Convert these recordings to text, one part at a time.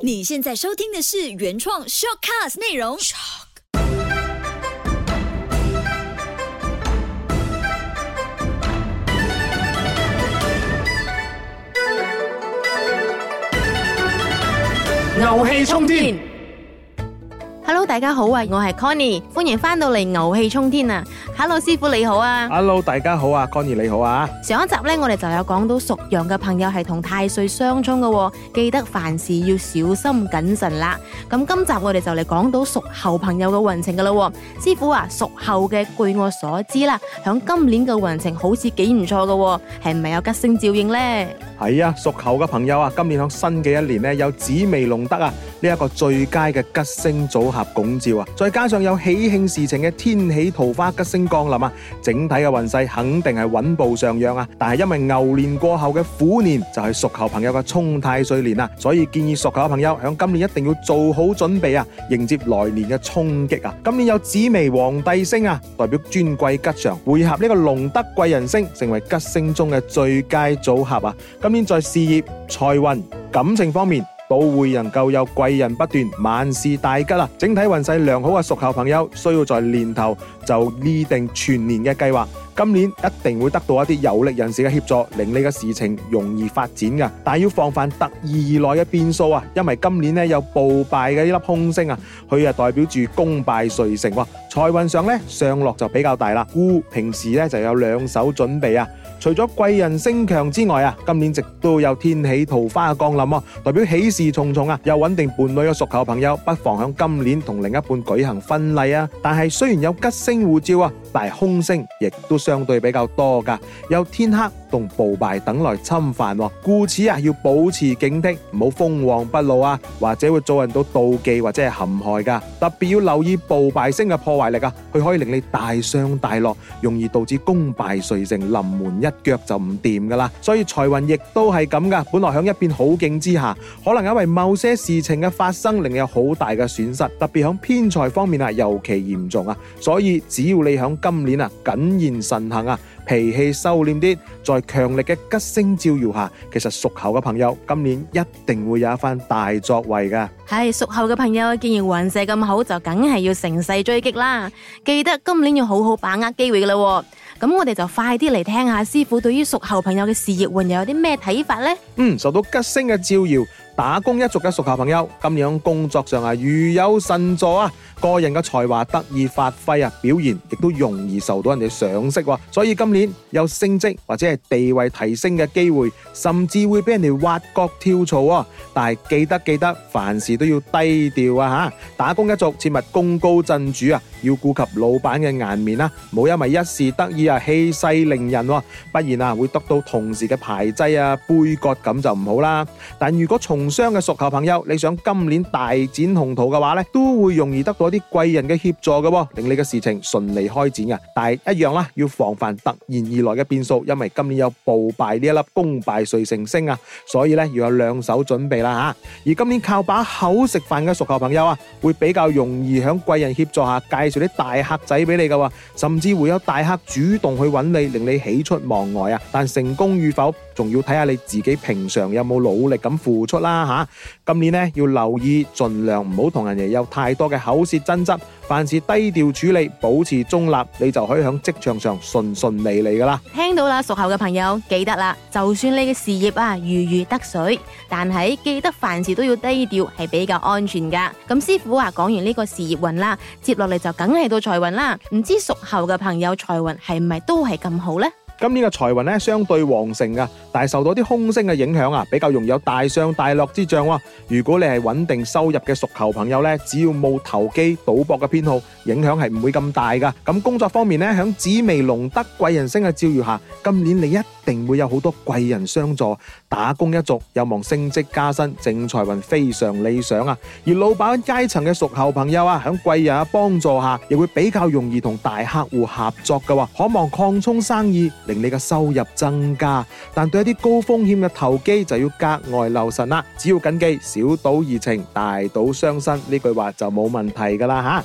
.你現在收聽的是原創 shortcast 內容。Shock 牛氣沖天！Hello，大家好啊，我係 Connie，歡迎翻到嚟牛氣沖天啊！Hello，師傅你好啊！Hello，大家好啊，Connie 你好啊！上一集呢，我哋就有講到屬羊嘅朋友係同太歲相衝嘅、哦，記得凡事要小心謹慎啦。咁今集我哋就嚟講到屬猴朋友嘅運程㗎啦、哦。師傅啊，屬猴嘅據我所知啦，響今年嘅運程好似幾唔錯嘅，係咪有吉星照應呢？係啊，屬猴嘅朋友啊，今年響新嘅一年呢，有紫微龍德啊！呢一個最佳嘅吉星組合拱照啊，再加上有喜慶事情嘅天喜桃花吉星降臨啊，整體嘅運勢肯定係穩步上揚啊。但係因為牛年過後嘅虎年就係屬猴朋友嘅沖太歲年啊，所以建議屬猴朋友響今年一定要做好準備啊，迎接來年嘅衝擊啊。今年有紫微皇帝星啊，代表尊貴吉祥，會合呢個龍德貴人星，成為吉星中嘅最佳組合啊。今年在事業、財運、感情方面，都會能夠有貴人不斷，萬事大吉啊！整體運勢良好嘅屬猴朋友，需要在年頭就擬定全年嘅計劃。今年一定會得到一啲有力人士嘅協助，令你嘅事情容易發展噶。但要防範突然而來嘅變數啊，因為今年呢有暴敗嘅呢粒凶星啊，佢啊代表住功敗垂成。啊。財運上呢，上落就比較大啦。故平時呢就有兩手準備啊。除咗貴人星強之外啊，今年亦都有天喜桃花嘅降臨啊，代表喜事重重啊。有穩定伴侶嘅屬猴朋友，不妨響今年同另一半舉行婚禮啊。但係雖然有吉星拱照啊，但係凶星亦都。相對比較多噶，有天黑同暴敗等來侵犯，故此啊要保持警惕，唔好鋒芒畢露啊，或者會遭人到妒忌或者係陷害噶，特別要留意暴敗星嘅破壞力啊。佢可以令你大上大落，容易導致功敗垂成，臨門一腳就唔掂噶啦。所以財運亦都係咁噶，本來響一片好景之下，可能因為某些事情嘅發生，令你有好大嘅損失，特別響偏財方面啊，尤其嚴重啊。所以只要你響今年啊，謹言慎行啊。脾氣收斂啲，在強力嘅吉星照耀下，其實屬猴嘅朋友今年一定會有一番大作為噶。係屬猴嘅朋友，既然運勢咁好，就梗係要乘勢追擊啦。記得今年要好好把握機會噶咯。咁我哋就快啲嚟聽下師傅對於屬猴朋友嘅事業運又有啲咩睇法呢？嗯，受到吉星嘅照耀。打工一族嘅屬猴朋友，今年工作上啊，如有神助啊，個人嘅才華得以發揮啊，表現亦都容易受到人哋賞識，所以今年有升職或者係地位提升嘅機會，甚至會俾人哋挖角跳槽啊！但係記得記得，凡事都要低調啊吓！打工一族切勿功高震主啊，要顧及老闆嘅顏面啊，唔好因為一時得意啊氣勢凌人，不然啊會得到同事嘅排擠啊杯葛，咁就唔好啦。但如果從從商嘅屬猴朋友，你想今年大展宏圖嘅話咧，都會容易得到啲貴人嘅協助嘅，令你嘅事情順利開展啊。但係一樣啦，要防範突然而來嘅變數，因為今年有暴敗呢一粒功敗垂成星啊，所以咧要有兩手準備啦吓。而今年靠把口食飯嘅屬猴朋友啊，會比較容易響貴人協助下介紹啲大客仔俾你嘅，甚至會有大客主動去揾你，令你喜出望外啊！但成功與否？仲要睇下你自己平常有冇努力咁付出啦吓、啊！今年呢要留意，盡量唔好同人哋有太多嘅口舌爭執，凡事低調處理，保持中立，你就可以響職場上順順利利噶啦。聽到啦，屬猴嘅朋友記得啦，就算你嘅事業啊如魚得水，但係記得凡事都要低調，係比較安全噶。咁師傅話講完呢個事業運啦，接落嚟就梗係到財運啦。唔知屬猴嘅朋友財運係唔係都係咁好呢？今年嘅財運呢，相對旺盛啊，但係受到啲凶星嘅影響啊，比較容易有大上大落之象喎。如果你係穩定收入嘅屬猴朋友呢，只要冇投機賭博嘅偏好，影響係唔會咁大噶。咁工作方面呢，響紫微龍德貴人星嘅照耀下，今年你一定定會有好多貴人相助，打工一族有望升職加薪，正財運非常理想啊！而老闆階層嘅屬猴朋友啊，喺貴人嘅幫助下，亦會比較容易同大客戶合作嘅話，可望擴充生意，令你嘅收入增加。但對一啲高風險嘅投機就要格外留神啦。只要謹記小賭怡情，大賭傷身呢句話就冇問題噶啦吓。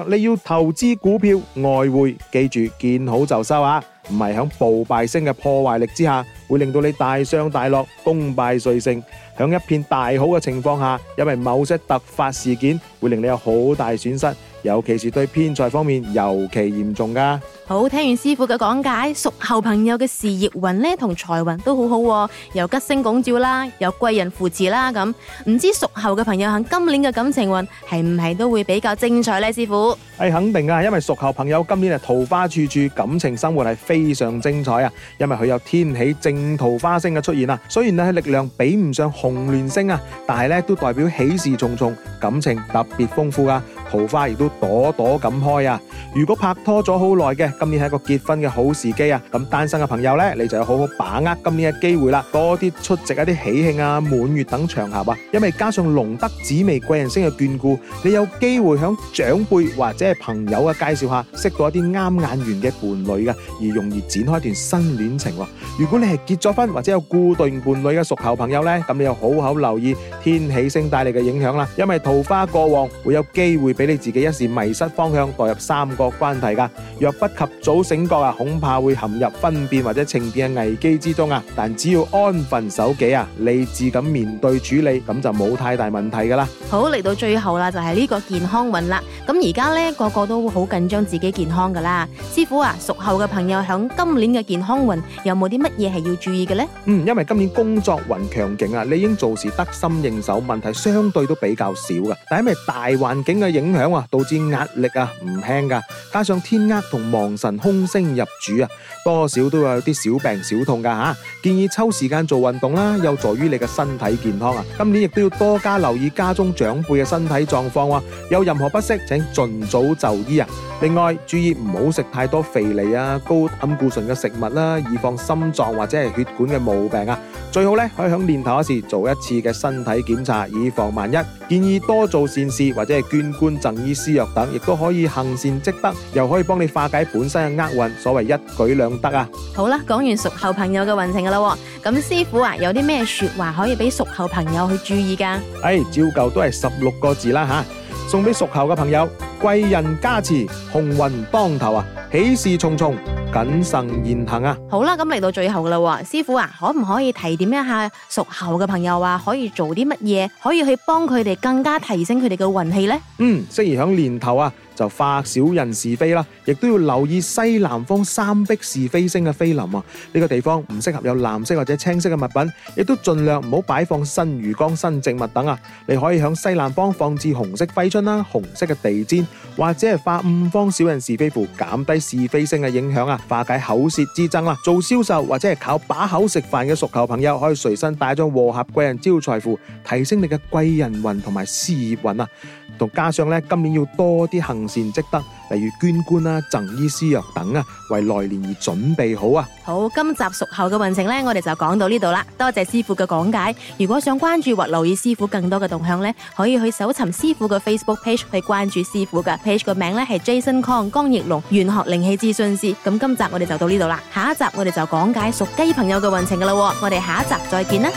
若你要投資股票、外匯，記住見好就收啊！唔係響暴敗星嘅破壞力之下，會令到你大上大落，功敗垂成。響一片大好嘅情況下，因為某些突發事件，會令你有好大損失。尤其是對偏財方面尤其嚴重噶好，聽完師傅嘅講解，屬猴朋友嘅事業運咧同財運都好好喎，有吉星拱照啦，有貴人扶持啦，咁唔知屬猴嘅朋友喺今年嘅感情運係唔係都會比較精彩呢？師傅係、欸、肯定噶因為屬猴朋友今年係桃花處處，感情生活係非常精彩啊！因為佢有天喜正桃花星嘅出現啊，雖然咧力量比唔上紅鸞星啊，但係咧都代表喜事重重，感情特別豐富噶桃花亦都朵朵咁開啊！如果拍拖咗好耐嘅，今年係一個結婚嘅好時機啊！咁單身嘅朋友咧，你就要好好把握今年嘅機會啦，多啲出席一啲喜慶啊、滿月等場合啊，因為加上龍德紫微貴人星嘅眷顧，你有機會響長輩或者係朋友嘅介紹下，識到一啲啱眼緣嘅伴侶嘅，而容易展開一段新戀情喎。如果你係結咗婚或者有固定伴侶嘅屬猴朋友咧，咁你又好好留意天喜星帶嚟嘅影響啦，因為桃花過旺會有機會俾你自己一時迷失方向，墮入三。個關係噶若不及早醒覺啊，恐怕會陷入分變或者情變嘅危機之中啊。但只要安分守己啊，理智咁面對處理，咁就冇太大問題噶啦。好，嚟到最後啦，就係呢個健康運啦。咁而家呢，個個會都好緊張自己健康噶啦。師傅啊，屬猴嘅朋友響今年嘅健康運有冇啲乜嘢係要注意嘅呢？嗯，因為今年工作運強勁啊，你應做事得心應手，問題相對都比較少噶。但係因為大環境嘅影響啊，導致壓力啊唔輕噶。加上天厄同亡神空星入主啊！多少都有啲小病小痛噶吓、啊，建議抽時間做運動啦，有助於你嘅身體健康啊！今年亦都要多加留意家中長輩嘅身體狀況啊，有任何不適請盡早就醫啊！另外注意唔好食太多肥膩啊、高膽固醇嘅食物啦，以防心臟或者係血管嘅毛病啊！最好咧可以響年頭時做一次嘅身體檢查，以防萬一。建議多做善事或者係捐棺贈醫施藥等，亦都可以行善積德，又可以幫你化解本身嘅厄運，所謂一舉兩。得啊！好啦，講完屬猴朋友嘅運程噶啦，咁師傅啊，有啲咩說話可以俾屬猴朋友去注意噶？唉、哎，照舊都係十六個字啦吓，送俾屬猴嘅朋友：貴人加持，鴻運當頭啊，喜事重重，謹慎言行啊。好啦，咁嚟到最後啦，師傅啊，可唔可以提點一下屬猴嘅朋友啊，可以做啲乜嘢，可以去幫佢哋更加提升佢哋嘅運氣呢？嗯，適宜響年頭啊。就化小人是非啦，亦都要留意西南方三碧是非星嘅飛臨啊！呢、這個地方唔適合有藍色或者青色嘅物品，亦都盡量唔好擺放新魚缸、新植物等啊！你可以向西南方放置紅色揮春啦、啊、紅色嘅地氈，或者係化五方小人是非符，減低是非星嘅影響啊！化解口舌之爭啦、啊！做銷售或者係靠把口食飯嘅熟求朋友，可以隨身帶張和合貴人招財符，提升你嘅貴人運同埋事業運啊！加上咧，今年要多啲行善積德，例如捐官啦、贈醫施藥等啊，為來年而準備好啊。好，今集屬猴嘅運程咧，我哋就講到呢度啦。多謝師傅嘅講解。如果想關注或留意師傅更多嘅動向咧，可以去搜尋師傅嘅 Facebook page 去關注師傅嘅 page，個名咧係 Jason Kong 江奕龍玄學靈氣諮詢師。咁今集我哋就到呢度啦。下一集我哋就講解屬雞朋友嘅運程噶啦。我哋下一集再見啦。